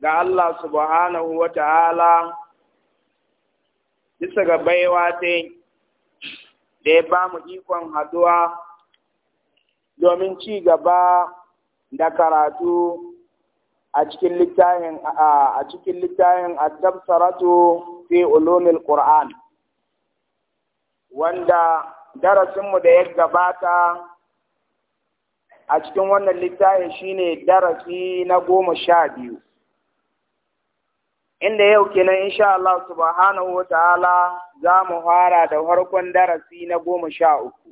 ga Allah subhanahu wa ta'ala bisa ga baiwa ta da ya ba mu ikon haduwa domin ci gaba da karatu a cikin littafin a cikin littafin fi ulumil qur'an wanda darasinmu da ya gabata a cikin wannan littafin shine darasi na goma sha biyu inda yau kenan insha Allah subhanahu wa ta'ala za mu fara da harkon darasi na goma sha uku.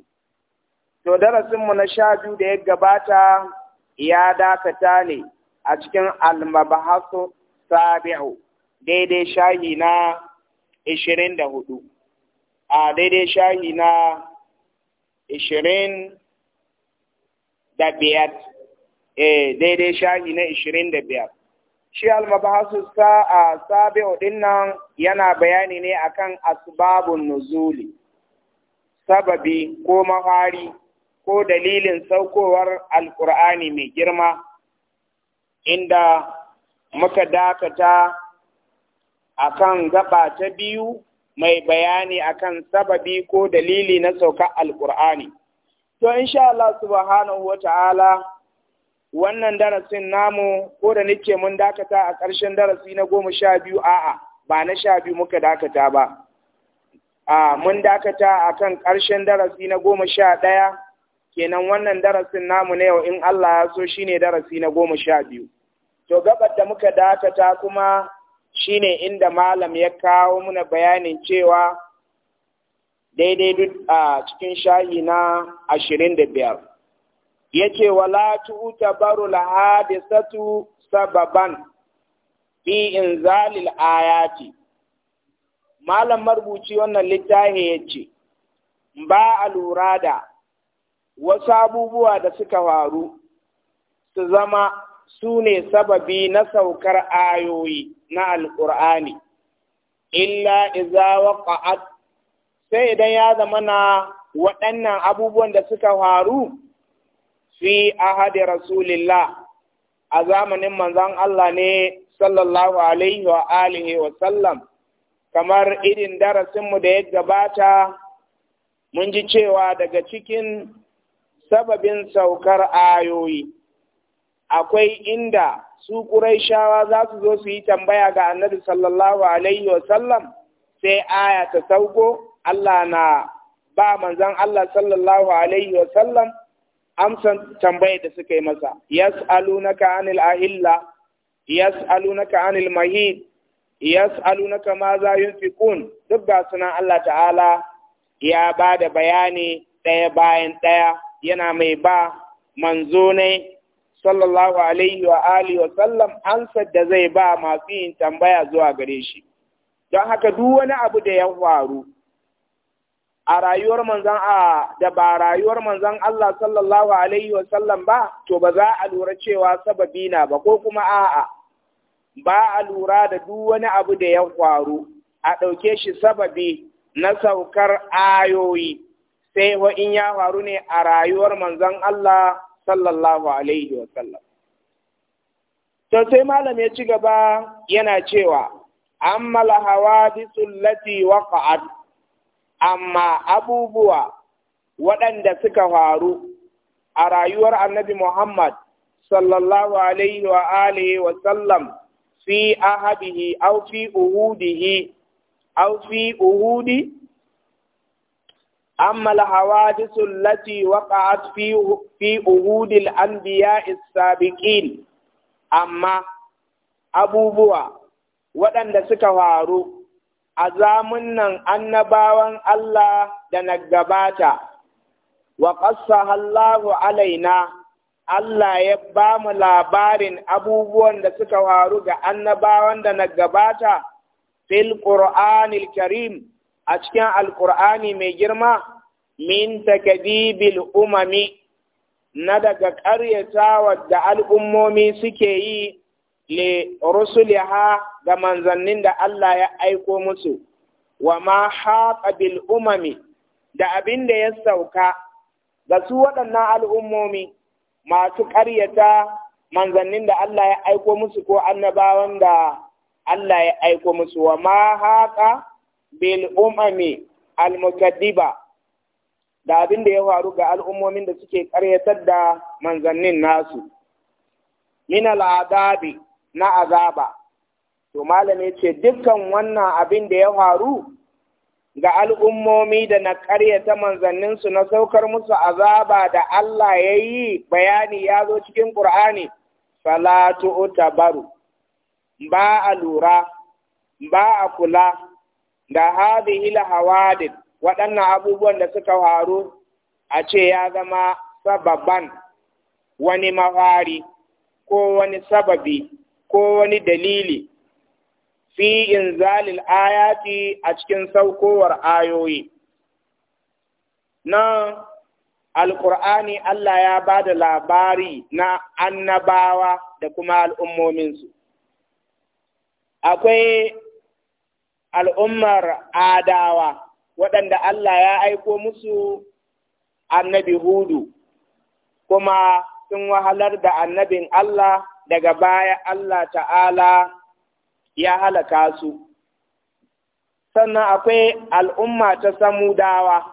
To darasinmu na sha biyu da ya gabata ya dakata ne a cikin almabahasu sabi'u daidai shahi na ishirin da hudu. A daidai shahi na ishirin da biyar, eh daidai shahi na ishirin da biyar. shi almabahasu a sabi'u nan yana bayani ne akan asbabun nuzuli sababi ko mahari ko dalilin saukowar alkur'ani mai girma inda muka dakata akan gaba ta biyu mai bayani akan sababi ko dalili na saukar alkur'ani to insha Allah subhanahu wa ta'ala wannan darasin namu ko da nake mun dakata a ƙarshen darasi na goma sha biyu a'a ba na sha biyu muka dakata ba a mun dakata a kan ƙarshen darasi na goma sha ɗaya kenan wannan darasin namu na yau in Allah ya so shine darasi na goma sha biyu to gabar da muka dakata kuma shine inda malam ya kawo muna bayanin cewa daidai duk a cikin shayi na ashirin da biyar yace wala tu'tabaru lahadisatu sababan bi inzalil ayati malam marubuci wannan littafi ce. ba a lura da wasu abubuwa da suka faru su zama su ne sababi na saukar ayoyi na alƙur'ani illa iza waqa'at sai idan ya zama na waɗannan abubuwan da suka faru fi ahadi rasulillah a zamanin manzan Allah ne sallallahu alaihi wa alihi wa sallam kamar irin darasinmu da ya gabata mun ji cewa daga cikin sababin saukar ayoyi akwai inda su shawa za su zo su yi tambaya ga Annabi sallallahu alaihi wa sallam sai aya ta sauko Allah na ba manzan Allah sallallahu alaihi wa sallam amsan tambayar da suka yi masa yas'alunaka anil ahilla yas'alunaka anil mahid yas'alunaka ma za yunfiqun duk ga sunan Allah ta'ala ya ba da bayani ɗaya bayan ɗaya yana mai ba manzo ne sallallahu alaihi wa alihi wa sallam ansar da zai ba masu yin tambaya zuwa gare shi don haka duk wani abu da ya faru a rayuwar manzan a da ba rayuwar manzan Allah sallallahu alaihi wasallam ba to ba za a lura cewa sababi na ba ko kuma a'a ba a lura da duk wani abu da ya faru a ɗauke shi sababi na saukar ayoyi sai wa in ya faru ne a rayuwar manzan Allah sallallahu alaihi wasallam to sai malam ya ci gaba yana cewa amma lahawa bisul lati waqa'at amma abubuwa waɗanda suka faru a rayuwar annabi Muhammad sallallahu alaihi wa alihi wa sallam fi ahabihi aw fi uhudihi fi uhudi amma al allati waqa'at fi fi uhudil anbiya sabiqin amma abubuwa waɗanda suka faru a nan annabawan Allah da na gabata, wa ƙasa Allahu alaina, Allah ya ba mu labarin abubuwan da suka faru ga annabawan da na gabata, fil ƙur'anil Karim a cikin Alƙur'ani mai girma, min takadibil umami na daga ƙaryatawa da al'ummomi suke yi li rusuliha ga manzannin da Allah ya aiko musu wa ma haqa bil umami da abin da ya sauka ga su waɗannan al'ummomi masu ƙaryata manzannin da Allah ya aiko musu ko annabawan da Allah ya aiko musu wa ma haqa bil umami al da abin da ya faru ga al'ummomin da suke ƙaryatar da manzannin nasu min al'adabi na azaba to malami ce dukkan wannan abin da ya faru ga al'ummomi da na ƙaryata manzanninsu na saukar musu azaba da Allah ya yi bayani ya zo cikin ƙur'ani salatu utabaru ba a lura ba a kula da hadhihi hawadin waɗannan abubuwan da suka faru a ce ya zama sababan wani mafari ko wani sababi ko wani dalili fi in zalil ayati a cikin saukowar ayoyi Na alkur'ani Allah ya ba da labari na annabawa da kuma al'ummominsu akwai al'ummar adawa waɗanda Allah ya aiko musu annabi hudu kuma sun wahalar da annabin Allah daga baya Allah ta'ala ya halaka su. Sannan akwai al'umma ta samudawa,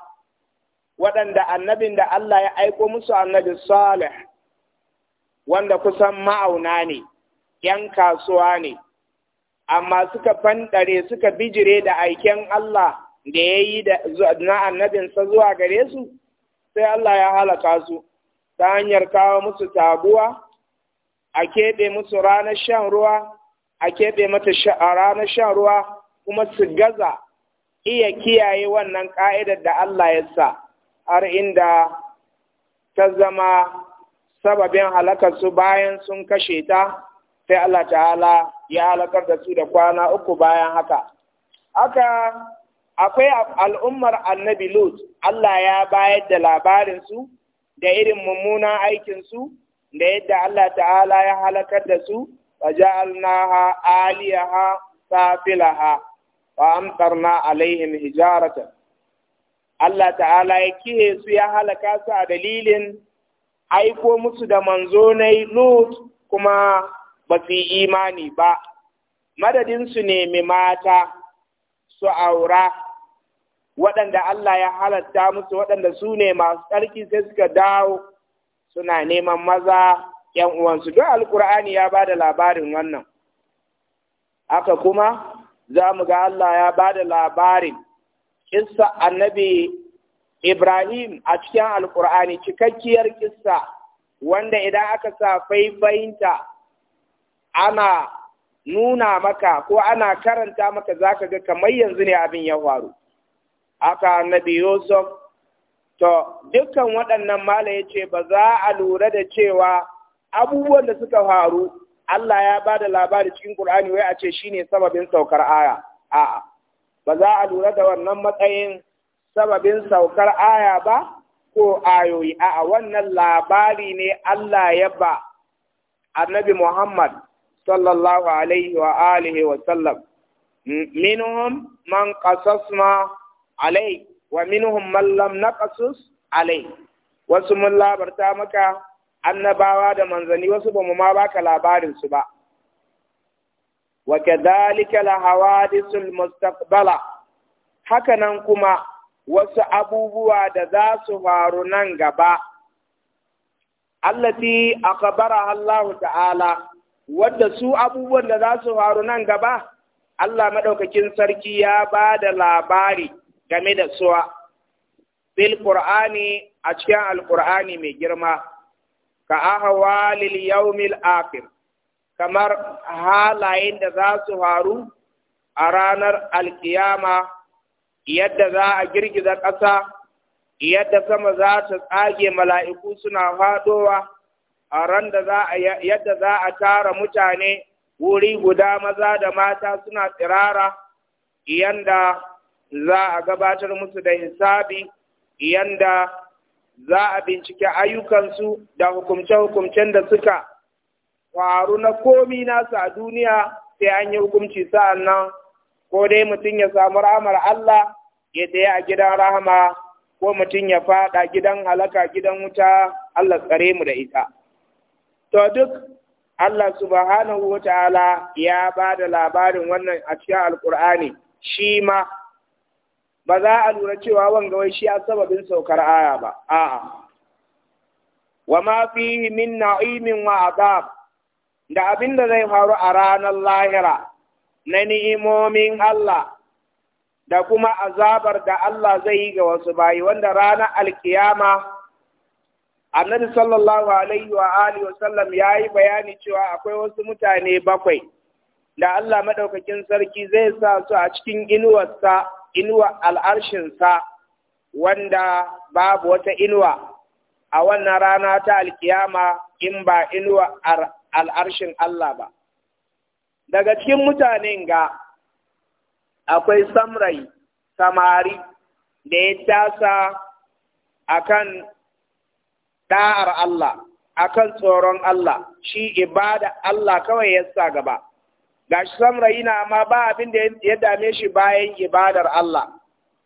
waɗanda annabin da Allah ya aiko musu annabi Salih, wanda kusan ma'auna ne, ‘yan kasuwa ne, amma suka fanɗare suka bijire da aiken Allah da ya yi na annabinsa zuwa gare su, sai Allah ya halaka su ta hanyar kawo musu tabuwa. a keɓe musu ranar shan ruwa a keɓe mata ranar shan ruwa kuma su gaza iya kiyaye wannan ƙa'idar da Allah ya sa har inda ta zama sababin su bayan sun kashe ta sai Allah ta'ala ya halakar da su da kwana uku bayan haka. aka akwai al'ummar annabi Lut, Allah ya bayar da labarinsu da irin mummunan aikinsu da yadda Allah ta'ala ya halakar da su wa ha aliyaha safilaha wa amtarna alaihim hijarata Allah ta'ala ya kihe su ya halaka su a dalilin aiko musu da manzo na Lut kuma ba su imani ba madadin su nemi mata su aura waɗanda Allah ya halatta musu waɗanda su ne masu tsarki sai suka dawo suna neman maza ‘yan uwansu, Don Alƙur'ani ya ba da labarin wannan, aka kuma za mu ga Allah ya ba da labarin kissa annabi Ibrahim a cikin Alƙur'ani cikakkiyar kissa wanda idan aka sa faifayinta ana nuna maka ko ana karanta maka za ka ga kamar yanzu ne abin ya faru. Aka annabi Yusuf To, dukkan waɗannan mala ya ce ba za a lura da cewa abubuwan da suka faru Allah ya ba da labari cikin Ƙur'ani wai a ce shi ne sababin saukar aya. A'a, ba za a lura da wannan matsayin sababin saukar aya ba ko ayoyi. A'a, wannan labari ne Allah ya ba annabi Muhammad sallallahu alaihi wa alihi wa sallam. Minhum man qasasna alaihi wa minhum mallam lam naqasus alai wasu mun labarta maka annabawa da manzanni wasu ba mu ma baka labarin su ba wa kadhalika la hawadisul mustaqbala hakanan kuma wasu abubuwa da za su faru nan gaba allati akhbaraha Allah ta'ala wadda su abubuwan da za su faru nan gaba Allah madaukakin sarki ya ba da labari game da suwa bil qur'ani a cikin alqur'ani mai girma ka ahwalil yawmil akhir kamar halayen da za su faru a ranar alkiyama yadda za a girgiza ƙasa yadda sama za ta tsage mala'iku suna fadowa a ran da za a yadda za a tara mutane wuri guda maza da mata suna tsirara yanda za a gabatar musu da hisabi yanda za a bincike ayyukansu da hukumce-hukumcen da suka faru na komi nasu a duniya sai an yi hukumci sa'an nan ko dai mutum ya samu ramar Allah ya taya a gidan rahama ko mutum ya fada gidan halaka gidan wuta Allah tsare mu da ita. To duk Allah subhanahu wa ta'ala ya ba da labarin wannan a cikin Alƙur'ani shi ma ba za a lura cewa wanga wai shi a sababin saukar aya ba a'a wa ma fihi min na'imin wa adab da abin da zai faru a ranar lahira na ni'imomin Allah da kuma azabar da Allah zai yi ga wasu bayi wanda ranar alkiyama annabi sallallahu alaihi wa alihi wasallam ya yi bayani cewa akwai wasu mutane bakwai da Allah madaukakin sarki zai sa su a cikin inuwarsa inuwa al'arshinsa wanda babu wata inuwa a wannan rana ta alkiyama in ba inuwa al'arshin Allah ba. Daga cikin mutanen ga akwai samrai, samari da ya tasa akan da'ar Allah, akan tsoron Allah, shi ibada Allah kawai ya sa gaba. gashi samra yana amma ba abin da ya dame shi bayan ibadar Allah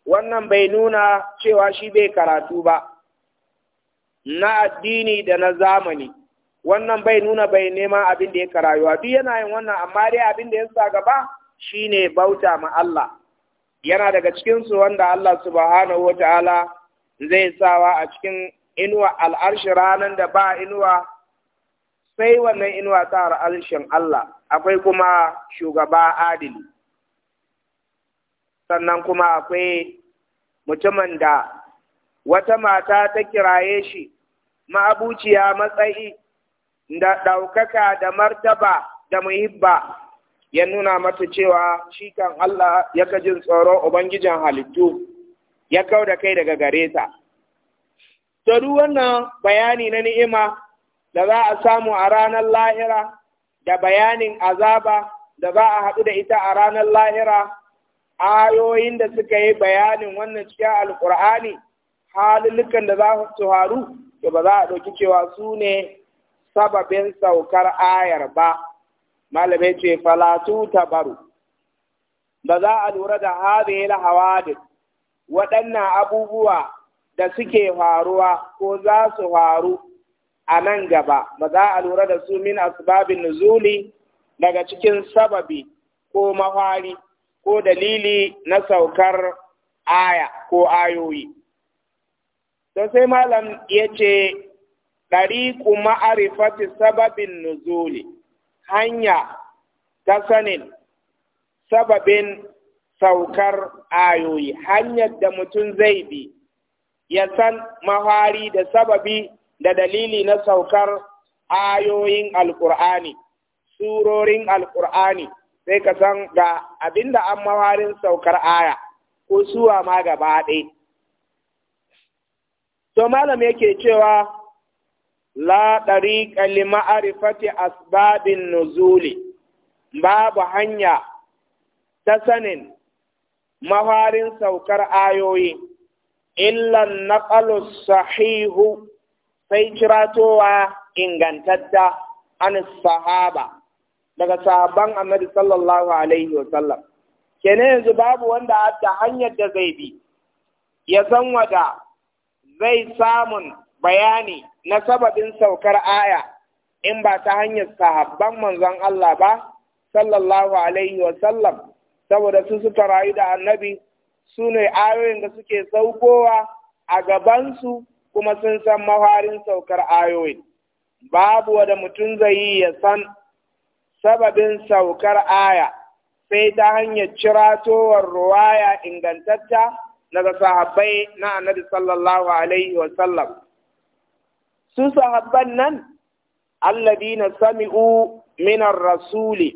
wannan bai nuna cewa shi bai karatu ba na addini da na zamani wannan bai nuna bai neman abin da ya karayuwa duk yana yin wannan amma dai abin da ya sa gaba shine bauta ma Allah yana daga cikin su wanda Allah subhanahu wataala zai sawa a cikin inuwa al'arshi ranar da ba inuwa sai wannan inuwa ta al'arshin Allah akwai kuma shugaba adili sannan kuma akwai mutumin da wata mata ta kiraye shi ma'abuciya matsayi da ɗaukaka da martaba da muhibba ya nuna mata cewa shi kan Allah ya jin tsoro Ubangijin halittu ya kau da kai daga gare ta. tadu wannan bayani na ni'ima da za a samu a ranar lahira da bayanin azaba da za a haɗu da ita a ranar lahira ayoyin da suka yi bayanin wannan cikin alkur'ani halulukan da za su haru to ba za a ɗauki cewa su ne sababin saukar ayar ba malamai ce falatu ta baro. ba za a lura da hadhihi da waɗannan abubuwa da suke faruwa ko za su faru a nan gaba ba za a lura da su min asibabin nuzuli daga cikin sababi ko mahari ko dalili na saukar aya ko ayoyi to sai malam ya ce ɗari ɗariƙu ma'arifati sababin nuzuli hanya ta sanin sababin saukar ayoyi hanyar da mutum zai bi ya san mahari da sababi da dalili na saukar ayoyin alkur'ani surorin alkur'ani sai ka san ga abinda an mawarin saukar aya ko suwa ma gaba ɗaya to malam yake cewa la ɗariƙa li ma'arifati asbabin nuzuli babu hanya ta sanin mawarin saukar ayoyi illan naƙalu sahihu sai kiratowa ingantatta an sahaba daga sahaban annabi sallallahu alaihi wa sallam kenan yanzu babu wanda hatta hanyar da zai bi ya san wada zai samun bayani na sababin saukar aya in ba ta hanyar sahabban manzon Allah ba sallallahu alaihi wa sallam saboda su suka rayu da annabi su ne ayoyin da suke saukowa a gabansu kuma sun san mafarin saukar ayoyin babu da mutum zai yi ya san sababin saukar aya sai ta hanyar ciratowar ruwaya ingantatta daga sahabbai na annabi sallallahu alaihi wa sallam su sahabban nan alladina sami'u minar rasuli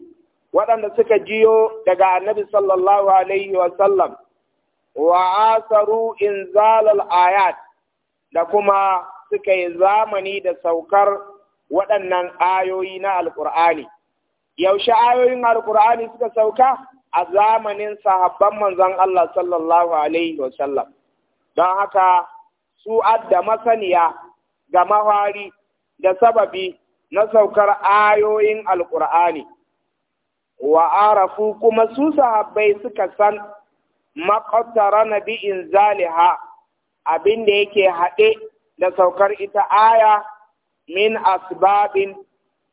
waɗanda suka jiyo daga annabi sallallahu alaihi wa sallam wa asaru inzalal ayat da kuma suka yi zamani da saukar waɗannan ayoyi na alƙur'ani yaushe ayoyin alƙur'ani suka sauka a zamanin sahabban manzon Allah sallallahu alaihi wasallam don haka su adda masaniya ga mahari da sababi na saukar ayoyin alƙur'ani wa'arafu kuma su sahabbai suka san maƙwatara na bi'in zaliha abin da yake haɗe da saukar ita aya min asbabin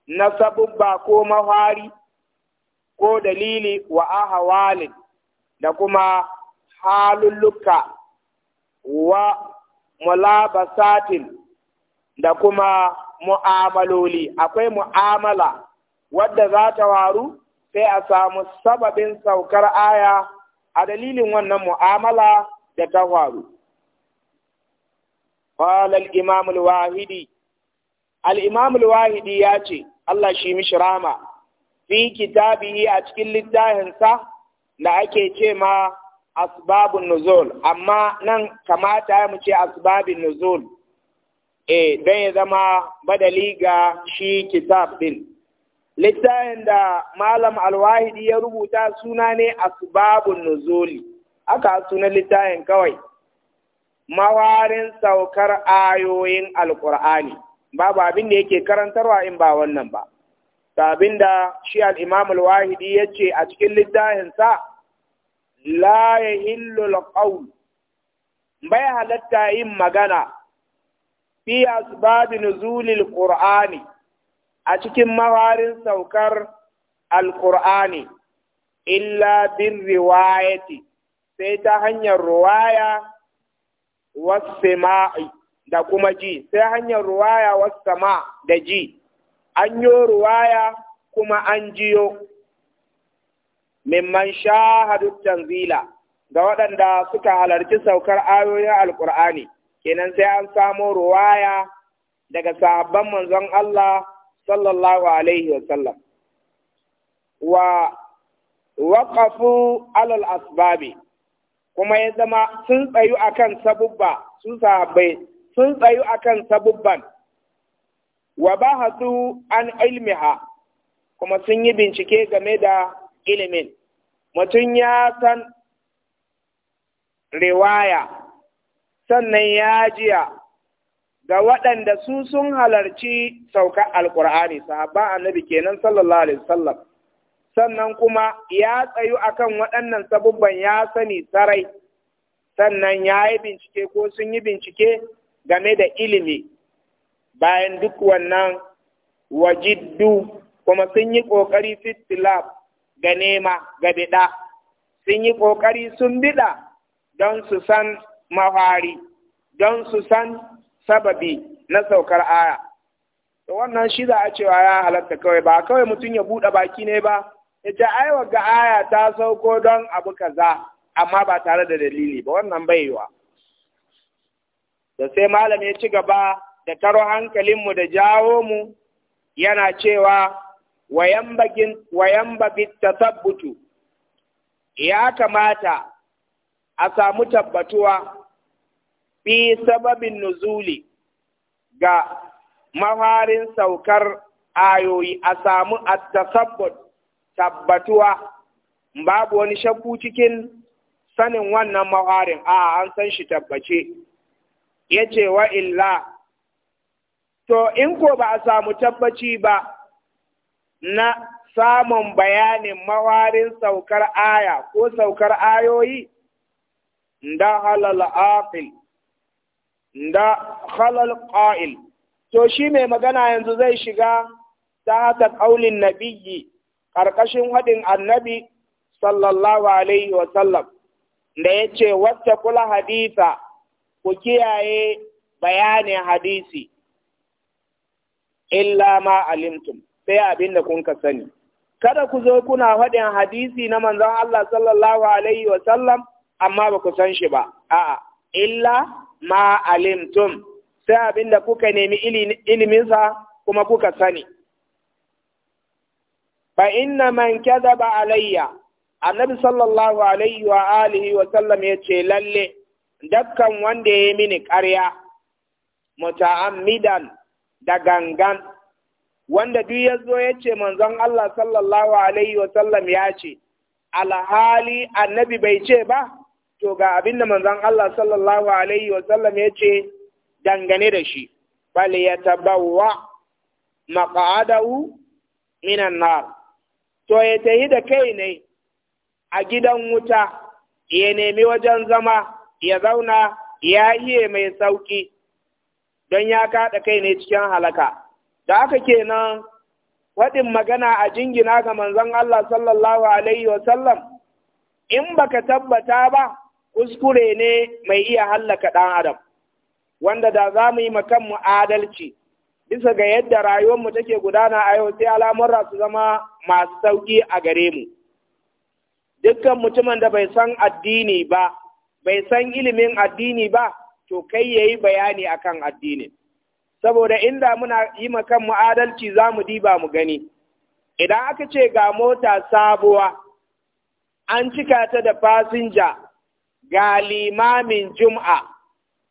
na sabubba ko mahari ko dalili wa ahawalin da kuma halulluka wa mulabasatin da kuma mu'amaloli akwai mu'amala wadda za ta waru sai a samu sababin saukar aya a dalilin wannan mu'amala da ta waru. قال الإمام الواهدي الإمام الواهدي ياتي الله شي مش راما في كتابه أتكل الداهنسة لأكي تيما أسباب النزول أما نن كما تامشي أسباب النزول eh don ya zama badali ga shi kitab din littafin da malam alwahidi ya rubuta suna ne asbabun nuzuli aka sunan littafin kawai mawarin saukar ayoyin alkur'ani babu abin da yake karantarwa in ba wannan ba sabin da shi alimam imam al-wahidi a cikin littafinsa la yahillu al bai halatta yin magana fi babu nuzulil qur'ani a cikin mawarin saukar Alƙur'ani. illa bin riwayati sai ta hanyar ruwaya wasama'i da kuma ji sai hanyar ruwaya wasama da ji an yo ruwaya kuma an jiyo mimman shahadu tanzila ga waɗanda suka halarci saukar ayoyin alkur'ani kenan sai an samo ruwaya daga sahabban manzon Allah sallallahu alaihi wasallam wa waqafu alal asbabi kuma ya zama sun tsayu akan sabubba sun sahabbai sun tsayu kan sabubban wa bahathu an ilmiha kuma sun yi bincike game da ilimin mutum ya san riwaya sannan ya jiya ga waɗanda su sun halarci sauka Alƙur'ani, sahabba annabi kenan sallallahu alaihi wasallam sannan kuma ya tsayu akan waɗannan sabubban ya sani sarai sannan ya yi bincike ko sun yi bincike game da ilimi bayan duk wannan wajiddu kuma sun yi ƙoƙari fitilab ga nema ga biɗa sun yi ƙoƙari sun biɗa don su san mahari don su san sababi na saukar aya. wannan shi za a cewa ya halatta kawai ba kawai mutum ya buɗe baki ne ba ita ai ga aya ta sauko don abu kaza amma ba tare da dalili ba wannan baiwa da sai malam ya ci gaba da taro hankalin mu da jawo mu yana cewa wayan bagin tasabbutu ya kamata a samu tabbatuwa bi sababin nuzuli ga maharin saukar ayoyi a samu at tasabbutu tabbatuwa babu wani shakku cikin sanin wannan mawarin a an san shi tabbace ya ce wa illa to in ko ba a samu tabbaci ba na samun bayanin mawarin saukar aya ko saukar ayoyi da halal aqil da halal qa'il to shi mai magana yanzu zai shiga ta haka na nabiyyi ƙarƙashin haɗin annabi sallallahu alaihi sallam da ya ce wata kula haditha ku kiyaye bayanin hadisi illa ma alimtum sai abin da kun ka sani kada ku zo kuna faɗin hadisi na manzon Allah sallallahu alaihi sallam amma ba ku san shi ba a'a illa ma alimtum sai abin da kuka nemi sa kuma kuka sani fa inna man kadhaba alayya annabi sallallahu alaihi wa alihi wa sallam ya ce lalle dakkan wanda ya mini ƙarya muta'ammidan da gangan wanda duk ya zo ya ce manzon Allah sallallahu alaihi wa sallam ya ce alhali annabi bai ce ba to ga abinda da manzon Allah sallallahu alaihi wa sallam ya ce dangane da shi bal ya yatabawwa maq'adahu minan nar to ya tahi da kai ne a gidan wuta ya nemi wajen zama ya zauna ya yi mai sauƙi don ya kaɗa kai ne cikin halaka da aka kenan waɗin magana a jingina ga manzon Allah sallallahu alaihi wasallam in baka tabbata ba kuskure ne mai iya hallaka ɗan adam wanda da za mu yi makan mu adalci bisa ga yadda rayuwarmu take gudana a yau sai al'amurra su zama masu sauƙi a gare mu. Dukkan mutumin da bai san addini ba, bai san ilimin addini ba, to kai ya yi bayani a kan addini. Saboda inda muna yi kan mu adalci za mu diba mu gani. Idan aka ce ga mota sabuwa, an cika ta da fasinja ga limamin juma'a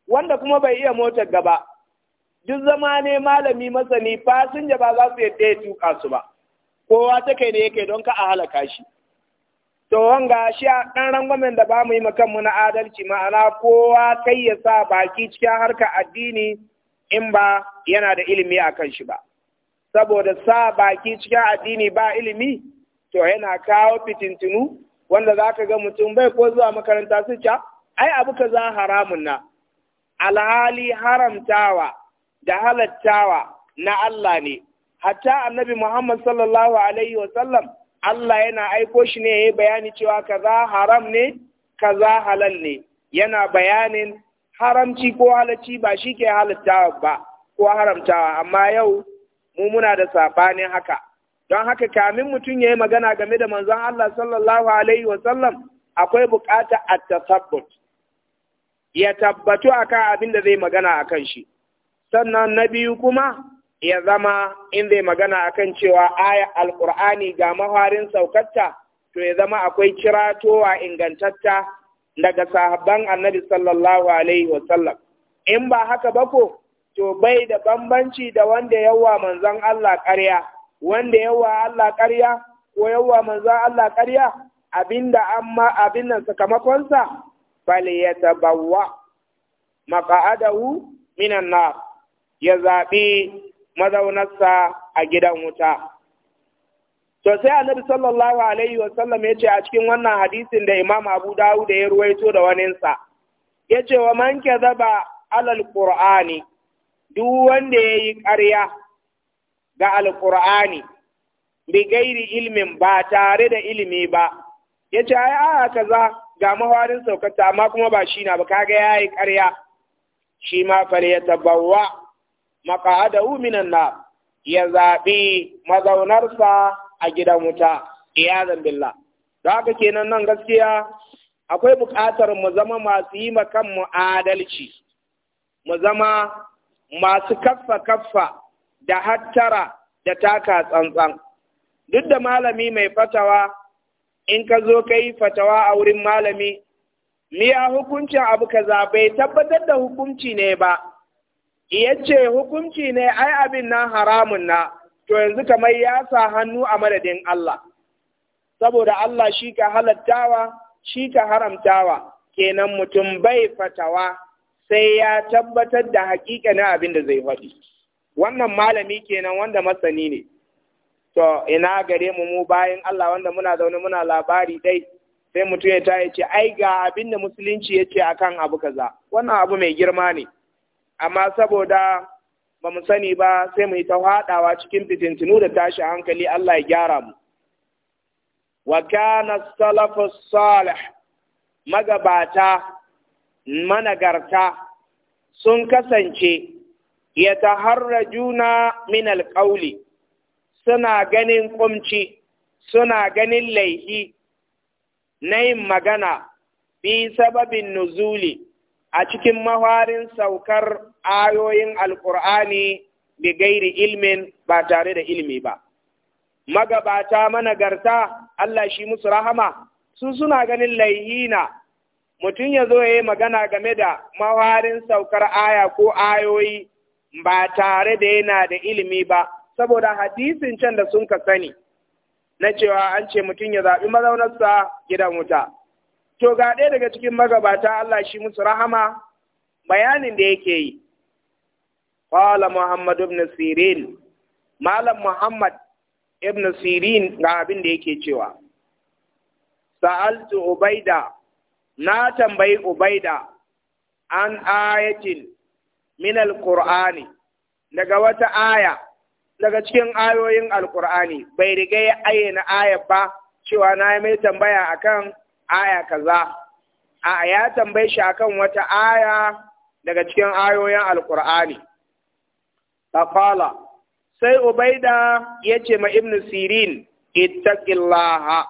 wanda kuma bai iya motar gaba. duk zama ne malami masani fasinja ba za su yadda ya tuka su ba kowa ta kai ne yake don ka a halaka shi to wanga shi a ɗan rangwamen da ba mu yi makan mu na adalci ma'ana kowa kai ya sa baki cikin harka addini in ba yana da ilimi a kan shi ba saboda sa baki cikin addini ba ilimi to yana kawo fitintinu wanda za ka ga mutum bai ko zuwa makaranta su ca ai abu ka za haramun na alhali haramtawa da halattawa na Allah ne hatta annabi Muhammad sallallahu alaihi wa Allah yana aiko shi ne yayi bayani cewa kaza haram ne kaza halal ne yana bayanin haramci ko halacci ba shi ke halattawa ba ko haramtawa amma yau mu muna da sabanin haka don haka kamin mutum ya yi magana game da manzon Allah sallallahu alaihi wa akwai bukata a ya tabbatu akan abin da zai magana a kan shi sannan na biyu kuma ya zama in zai magana kan cewa aya alkur'ani ga maharin saukatta to ya zama akwai kiratowa ingantatta daga sahabban annabi sallallahu alaihi wasallam in ba haka ba ko to bai da bambanci da wanda yawa manzon Allah ƙarya wanda yawa Allah ƙarya ko yawa manzon Allah ƙarya abinda amma abin nan sakamakonsa bal yatabawa maqa'adahu minan nar ya zaɓi mazaunarsa a gidan wuta. To sai annabi sallallahu alaihi wa sallam ya ce a cikin wannan hadisin da Imam Abu Dawud ya ruwaito da waninsa, ya ce wa man zaba alal Qur'ani duk wanda ya yi ƙarya ga Alƙur'ani bi gairi ilmin ba tare da ilimi ba, ya ce ai aya kaza ga mawarin saukata amma kuma ba shi na ba kaga ya yi ƙarya shi ma fari ya maqa'adahu minan nar ya zaɓi mazaunarsa a gidan wuta iyazan billah da haka kenan nan gaskiya akwai buƙatar mu zama masu yi mu adalci mu zama masu kaffa kaffa da hattara da taka tsantsan duk da malami mai fatawa in ka zo ka yi fatawa a wurin malami miya hukuncin abu kaza bai tabbatar da hukunci ne ba yace hukunci ne ai abin nan haramun na to yanzu kamar ya sa hannu a madadin Allah saboda Allah shi ka halattawa shi ka haramtawa kenan mutum bai fatawa sai ya tabbatar da hakika na abin da zai faɗi wannan malami kenan wanda masani ne to ina gare mu mu bayan Allah wanda muna zaune muna labari dai sai mutum ya ta ya ce ai ga abin da musulunci ya ce akan abu kaza wannan abu mai girma ne amma saboda ba mu sani ba sai mu yi ta haɗawa cikin fitintinu da tashi hankali Allah ya gyara mu. Wa kana salafu salih magabata managarta sun kasance ya taharra juna min alƙauli suna ganin ƙumci suna ganin laihi na yin magana bi sababin nuzuli a cikin mahwarin saukar ayoyin alkur'ani bi gairi ilmin ba tare da ilmi ba magabata managarta Allah shi musu rahama sun suna ganin laihina mutum ya zo ya yi magana game da mawarin saukar aya ko ayoyi ba tare da yana da ilimi ba saboda hadisin can da sun ka sani na cewa an ce mutum ya zaɓi mazaunarsa gidan wuta to ga ɗaya daga cikin magabata Allah shi musu rahama bayanin da yake yi qala muhammad ibn sirin malam muhammad ibn sirin ga abin da yake cewa sa'altu ubaida na tambayi ubaida an ayatin min Qur'ani daga wata aya daga cikin ayoyin alqur'ani bai riga ya ayyana ayat ba cewa na yi mai tambaya akan aya kaza a ya tambaye shi akan wata aya daga cikin ayoyin alkur'ani faqala sai ubaida ya ce ma ibn sirin ittaqillaha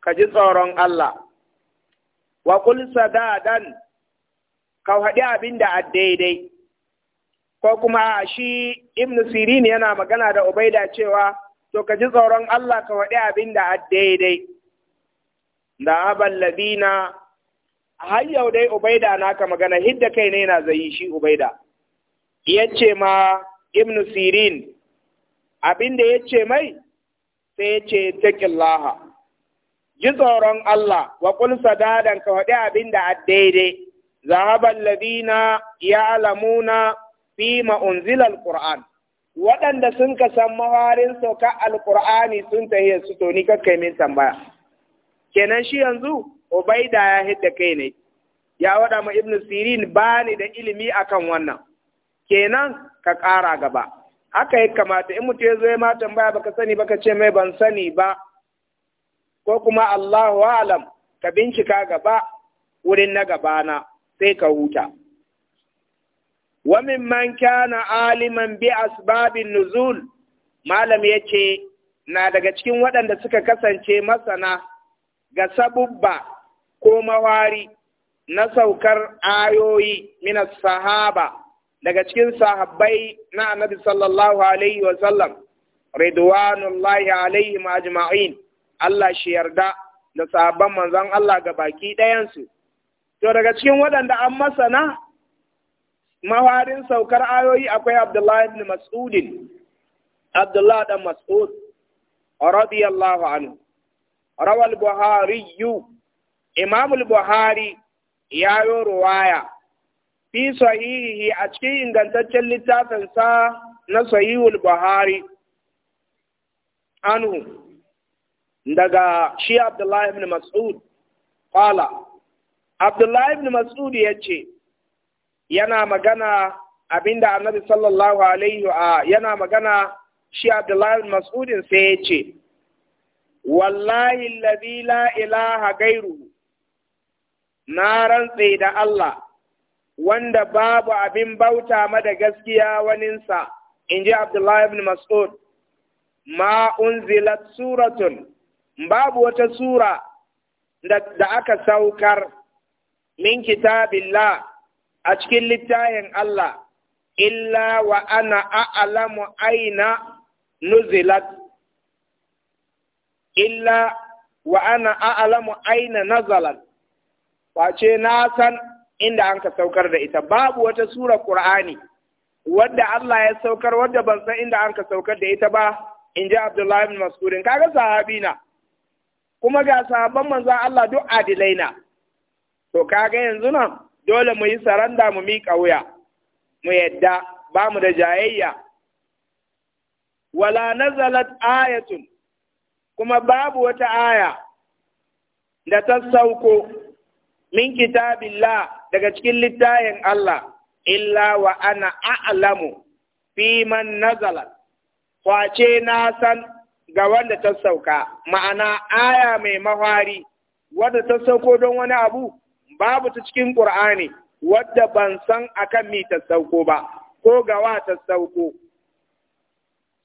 ka ji tsoron Allah wa qul sadadan ka haɗi abin da daidai ko kuma shi ibn sirin yana magana da ubaida cewa to kaji ji tsoron Allah ka haɗi abin da daidai da abal ladina har yau dai ubaida ka magana hidda kai ne na zai shi ubaida yace ma ibnu sirin abinda yace mai sai yace taqillaha ji tsoron Allah wa kul sadadan ka faɗi abinda a daidai zahaba alladhina ya'lamuna fima unzila alquran waɗanda sun ka san maharin sauka Alƙur'ani sun da su to ni kakkai min tambaya kenan shi yanzu ubaida ya hidda kai ne ya wada ma Ibn sirin bani da ilimi akan wannan kenan ka ƙara gaba haka ya kamata in mutum ya zo ya ma tambaya baka sani baka ce mai ban sani ba ko kuma Allahu alam ka bincika gaba wurin na gabana sai ka huta wa man kana aliman bi asbabin nuzul malam yace na daga cikin waɗanda suka kasance masana ga sabubba ko mawari na saukar ayoyi mina sahaba daga cikin sahabbai na annabi sallallahu alaihi wa sallam ridwanullahi alaihi majma'in Allah shi yarda da sahabban manzon Allah ga baki ɗayansu. To daga cikin waɗanda an masana mawarin saukar ayoyi akwai Abdullahi ibn Mas'udin, Abdullahi dan Mas'ud, radiyallahu anhu. rawal buhari yu imamul buhari ya yi ruwaya fi sahihi a cikin ingantaccen littafinsa na sahihul buhari Anu. daga shi abdullahi ibn mas'ud Kwala. abdullahi ibn mas'ud yace yana magana abinda annabi sallallahu alaihi wa yana magana shi abdullahi ibn mas'ud sai ce. wallahi allazi la ilaha gairu na rantse da Allah wanda babu abin bauta ma da gaskiya waninsa in ji Abdullahi ibn Mas'ud ma unzilat suratun babu wata sura da, aka saukar min kitabillah a cikin littafin Allah illa wa ana a'lamu aina nuzilat illa wa ana a'lamu aina nazalat wace na san inda an saukar da ita babu wata sura qur'ani wadda Allah ya saukar wanda ban san inda an ka saukar da ita ba in ji Abdullahi bin Mas'udin kaga sahabi na kuma ga sahabban manzon Allah duk adilai na to kaga yanzu nan dole mu yi saranda mu miƙa wuya mu yadda ba mu da jayayya wala nazalat ayatun kuma babu wata aya da ta sauko min kitabillah daga cikin littayin Allah illa wa ana a'lamu fi man nazala kwace na san ga wanda ta sauka ma'ana aya mai mahwari wadda ta sauko don wani abu babu ta cikin ƙur'ani wadda ban san akan mi ta sauko ba ko gawa ta sauko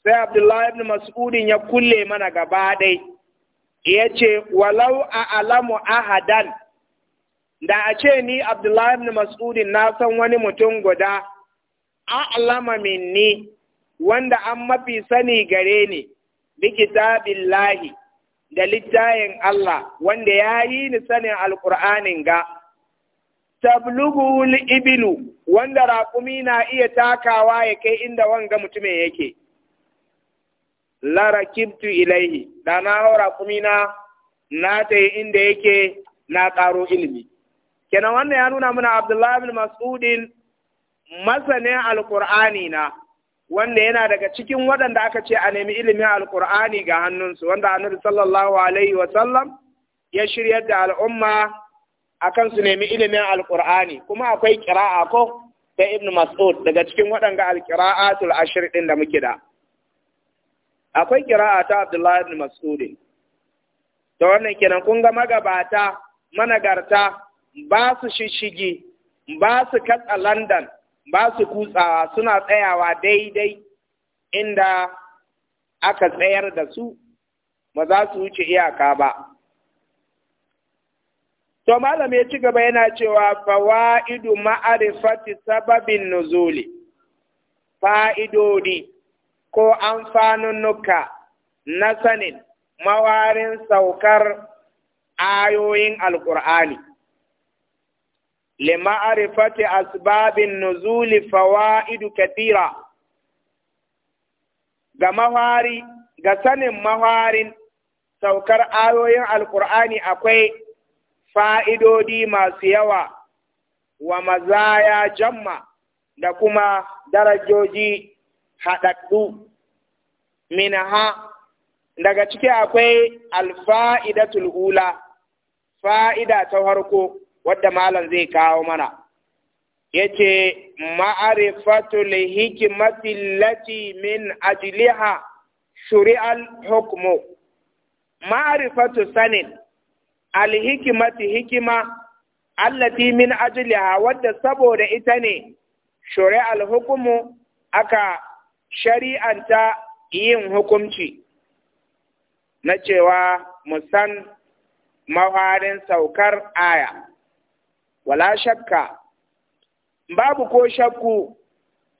sai abdullahi ibn mas'udin ya kulle mana gaba ɗai ya ce walau a alamu ahadan da a ce ni abdullahi ibn mas'udin na san wani mutum guda a alama minni wanda an mafi sani gare ni bi kitabillahi da littayin Allah wanda ya yi ni sanin alƙur'anin ga tablughul ibnu wanda raƙumi na iya takawa ya kai inda wanga mutumin yake larakibtu ilaihi da na haura kumina na ta inda yake na karo ilimi kenan wannan ya nuna mana abdullahi bin mas'udin masanin alƙur'ani na wanda yana daga cikin waɗanda aka ce a nemi ilimin alkur'ani ga hannunsu wanda annabi sallallahu alaihi wa sallam ya shiryar da al'umma akan su nemi ilimin alkur'ani kuma akwai ƙira'a ko ta ibn mas'ud daga cikin waɗanda alƙira'atul ashir ɗin da muke da akwai kira'a ta Abdullahi ibn Mas'ud to wannan kenan kun ga magabata managarta ba su shishigi ba su katsa London ba su kutsawa suna tsayawa daidai inda aka tsayar da su ba za su wuce iyaka ba To malam ya ci gaba yana cewa fawa'idu ma'arifati sababin nuzuli, fa'idodi ko nuka na sanin mawarin saukar ayoyin alƙur'ani. lima'arifati asbabin nuzuli fawa'idu katira ga mawari ga sanin mawarin saukar ayoyin Alƙur'ani akwai fa'idodi masu yawa wa mazaya jamma da kuma darajoji haɗaɗɗu minha daga ciki akwai alfa'idatul ula fa'ida ta harko wadda malam zai kawo mana yace ma'arifatul hikimati lati min ajliha shuri'al hukmu ma'arifatu sanin alhikimati hikima allati min ajliha wadda saboda ita ne shuri'al hukmu aka shari'anta yin hukunci na cewa musan mawarin saukar aya, wala shakka, babu ko shakku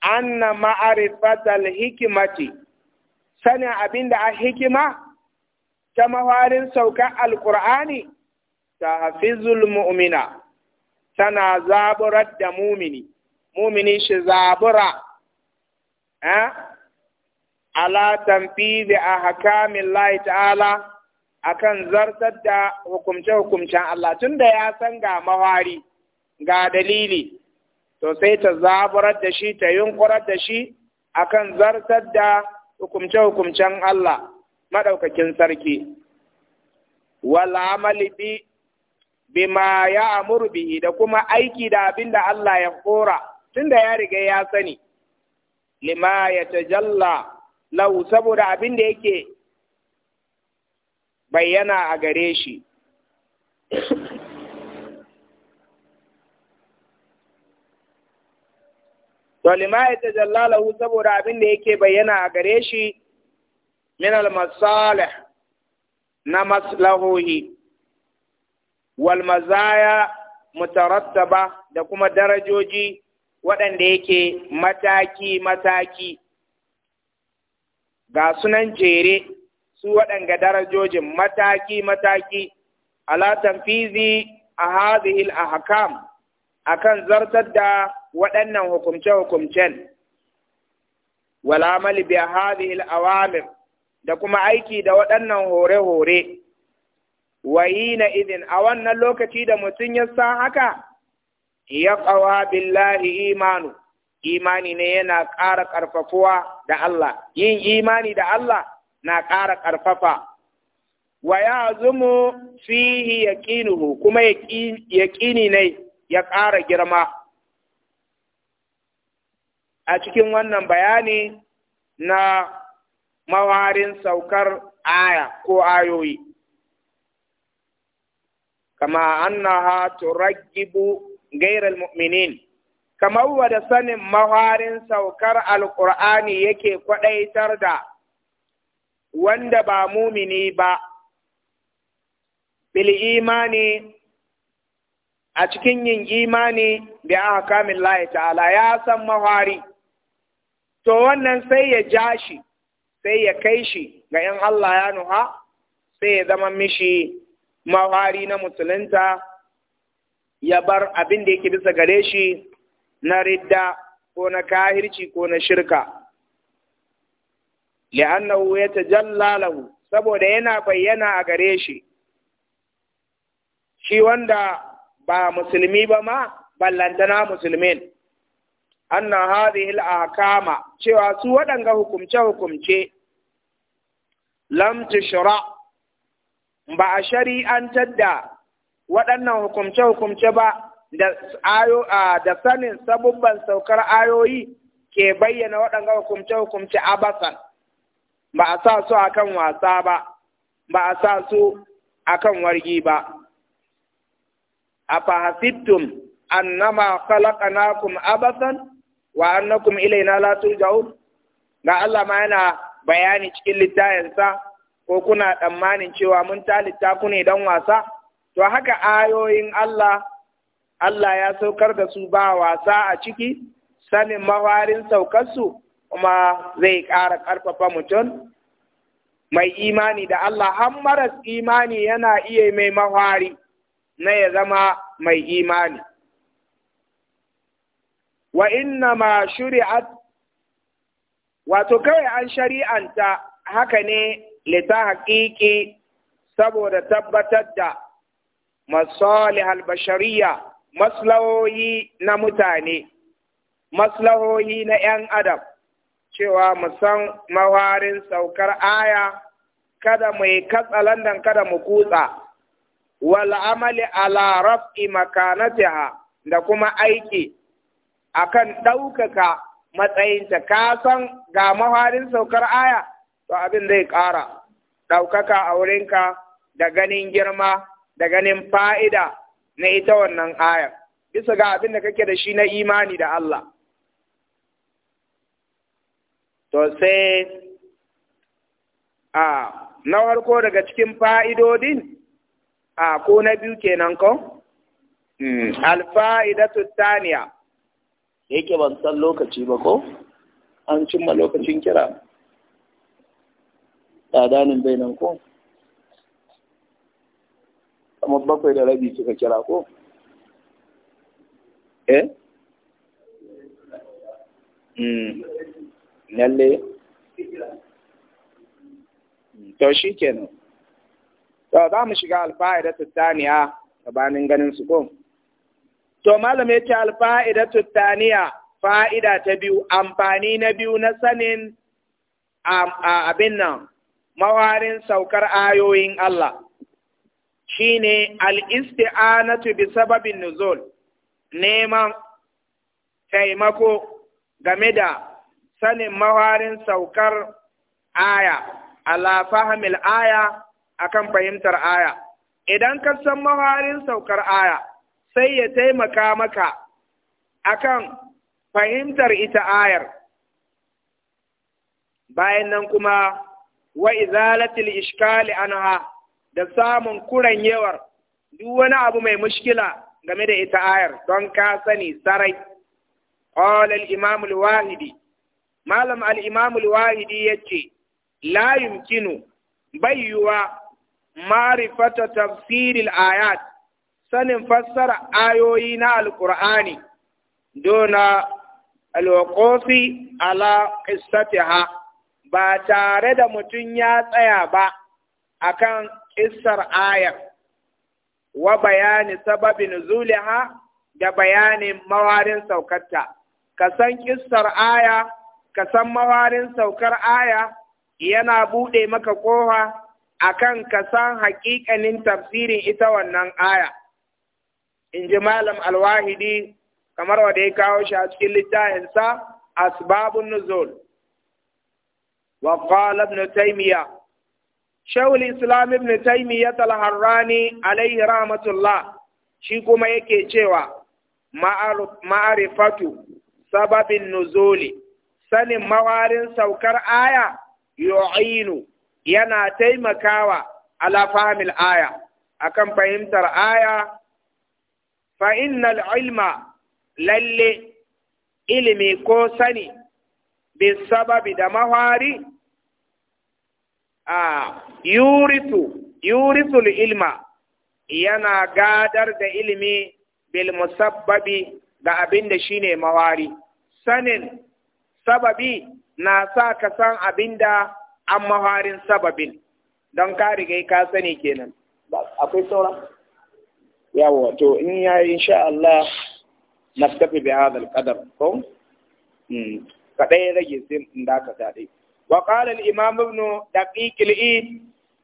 anna ma'arifatal hikimati, sanin abin da a hikima ta mawarin saukar alkur'ani ta hafizul mu'mina, tana zaburar da mumini, mumini shi zabura. ala tanfidi ahkamin Allah ta'ala akan zartar da hukumce-hukumcen Allah tunda ya san ga mahari ga dalili to sai ta zaburar da shi ta yunkurar da shi akan zartar da hukumce-hukumcen Allah madaukakin sarki wal amali bi bima ya amuru bihi da kuma aiki da abinda Allah ya kora tunda ya riga ya sani lima ya tajalla lau saboda abin da yake bayyana a gare shi to lima ya tajalla lau saboda abin da yake bayyana a gare shi min al-masalih na maslahohi wal mazaya mutarattaba da kuma darajoji waɗanda yake mataki-mataki ga sunan jere su waɗanga darajojin mataki-mataki ala tanfizi a hazihil ahkam kan zartar da waɗannan hukumce-hukumcen wal'amali biya hazihil awamir da kuma aiki da waɗannan hore-hore wayi na izin a wannan lokaci da mutum ya san haka yaqawa billahi imanu imani ne yana ƙara ƙarfafuwa da Allah yin imani da Allah na ƙara ƙarfafa wa ya zumu fihi yaqinuhu kuma yaqini ne ya ƙara girma a cikin wannan bayani na mawarin saukar aya ko ayoyi kama annaha turakkibu gairar mu'minin kamar wada sanin maharin saukar alƙur'ani yake kwaɗaitar da wanda ba mumini ba bil imani a cikin yin imani bi ahkamillahi ta'ala ya san mahari to wannan sai ya ja shi sai ya kai shi ga 'yan Allah ya nuha sai ya zama mishi mahari na musulunta ya bar abin da yake bisa gare shi na ridda ko na kahirci ko na shirka li'annahu jan lahu saboda yana bayyana a gare shi shi wanda ba musulmi ba ma ballantana musulmin anna hadhihi al-ahkama cewa su waɗanga hukumce hukumce lam tushra ba a shari'antar da waɗannan hukumce-hukumce ba da sanin sabubban saukar ayoyi ke bayyana waɗanga hukumce-hukumce a basan ba a sa su akan wasa ba ba a sa su akan wargi ba afahasittum annama khalaqnakum abasan wa annakum ilaina la turja'un ga Allah ma yana bayani cikin littayansa ko kuna tsammanin cewa mun ta littafi ne don wasa to haka ayoyin Allah Allah ya saukar da su ba wasa a ciki sanin mawarin saukarsu kuma zai ƙara ƙarfafa mutum mai imani da Allah har maras imani yana iya mai mahwari na ya zama mai imani wa inna ma shuri'at wato kawai an shari'anta haka ne lita haƙiƙi saboda tabbatar da masali albashariya maslahohi na mutane maslahohi na 'yan adam cewa mu san mawarin saukar aya kada mu yi katsalandan kada mu kutsa wal amali ala raf'i makanatiha da kuma aiki akan ɗaukaka matsayinta ka san ga mawarin saukar aya to abin zai ƙara ɗaukaka a wurinka da ganin girma da ganin fa'ida na ita wannan ayar, bisa ga abin da kake da shi na imani da Allah. To sai a na harko daga cikin fa'idodin a ko na biyu kenan ko? Hmm, Alfa’ida taniya. Yake ban san lokaci ba ko? An cimma lokacin kira. Tsadanin bai nan ko? kuma bakwai da rabi suka kira ko eh mm Nalle? Hmm. to shi kenan to za mu shiga alfa'ida tattaniya gabanin ganin su ko to malam ce alfa'ida tattaniya fa'ida ta biyu amfani na biyu na sanin abin nan mawarin saukar ayoyin Allah shine al-isti'anatu bi sababin nuzul neman taimako game da sanin mawarin saukar aya ala fahimil aya akan fahimtar aya idan ka san mawarin saukar aya sai ya taimaka maka akan fahimtar ita ayar bayan nan kuma wa izalatil ishkali anha da samun kuranyewar duk wani abu mai mushkila game da ita ayar don ka sani sarai qala al-imam al-wahidi malam al-imam al-wahidi yace la yumkinu bayyuwa ma'rifata tafsir al-ayat sanin fassara ayoyi na al-qur'ani dona al-waqafi ala qissatiha ba tare da mutum ya tsaya ba akan qissar ayar wa bayani sababin nuzuliha da bayanin mawarin saukarta ka san qissar aya ka san mawarin saukar aya yana bude maka ƙofa akan ka san haƙiƙanin tafsirin ita wannan aya in ji malam alwahidi kamar wanda ya kawo shi a cikin sa asbabun nuzul wa qala ibn shawul islam ibn taimiyyat al-harrani Alayhi rahmatullah shi kuma yake cewa ma'arifatu sababin nuzuli sanin mawarin saukar aya yu'inu yana taimakawa ala fahimil aya akan fahimtar aya fa innal ilma lalle ilimi ko sani bi sababi da mahari a yurisu yurisul ilma yana gadar da ilimi bil musabbabi ga abin da shine mawari sanin sababi na sa ka san abin da an mawarin sababin don ka riga ka sani kenan akwai saura? Yawo. to in ya yi insha Allah na tafi bi hadal qadar ko hmm, rage sai in da ka daɗe. wa qala imam ibn daqiq al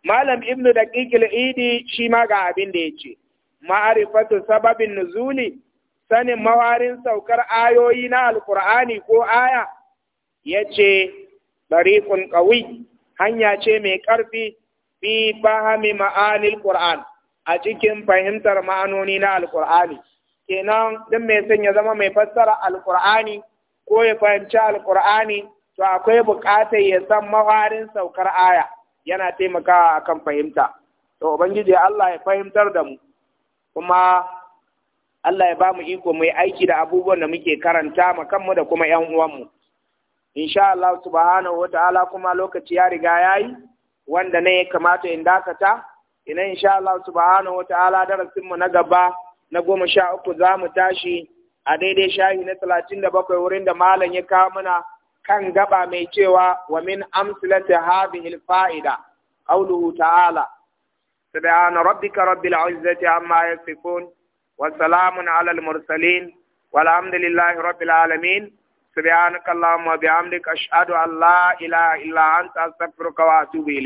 malam Ibnu daqiq Idi, eid shi ma ga abin da ce. ma'rifatu sababin nuzuli sanin mawarin saukar ayoyi na alqur'ani ko aya yace tariqun qawi hanya ce mai ƙarfi fi fahimi ma'anil qur'an a cikin fahimtar ma'anoni na alqur'ani kenan duk mai son ya zama mai fassara alqur'ani ko ya fahimci alqur'ani to akwai buƙatar ya san mawarin saukar aya yana taimakawa a kan fahimta to ubangiji Allah ya fahimtar da mu kuma Allah ya ba mu iko mu yi aiki da abubuwan da muke karanta mu kanmu da kuma ƴan uwanmu insha Allah subhanahu wata'ala kuma lokaci ya riga yayi wanda ne ya kamata in dakata ina insha Allah subhanahu wata'ala darasin mu na gaba na goma sha uku za mu tashi a daidai shahi na talatin da bakwai wurin da malam ya kawo mana kan gaba mai cewa wa min amsalati hadhihi alfa'ida qawluhu ta'ala subhana rabbika rabbil izzati amma yasifun wa salamun alal mursalin walhamdulillahi rabbil alamin subhanakallahumma bihamdika ashhadu an la ilaha illa anta astaghfiruka wa atubu ilayk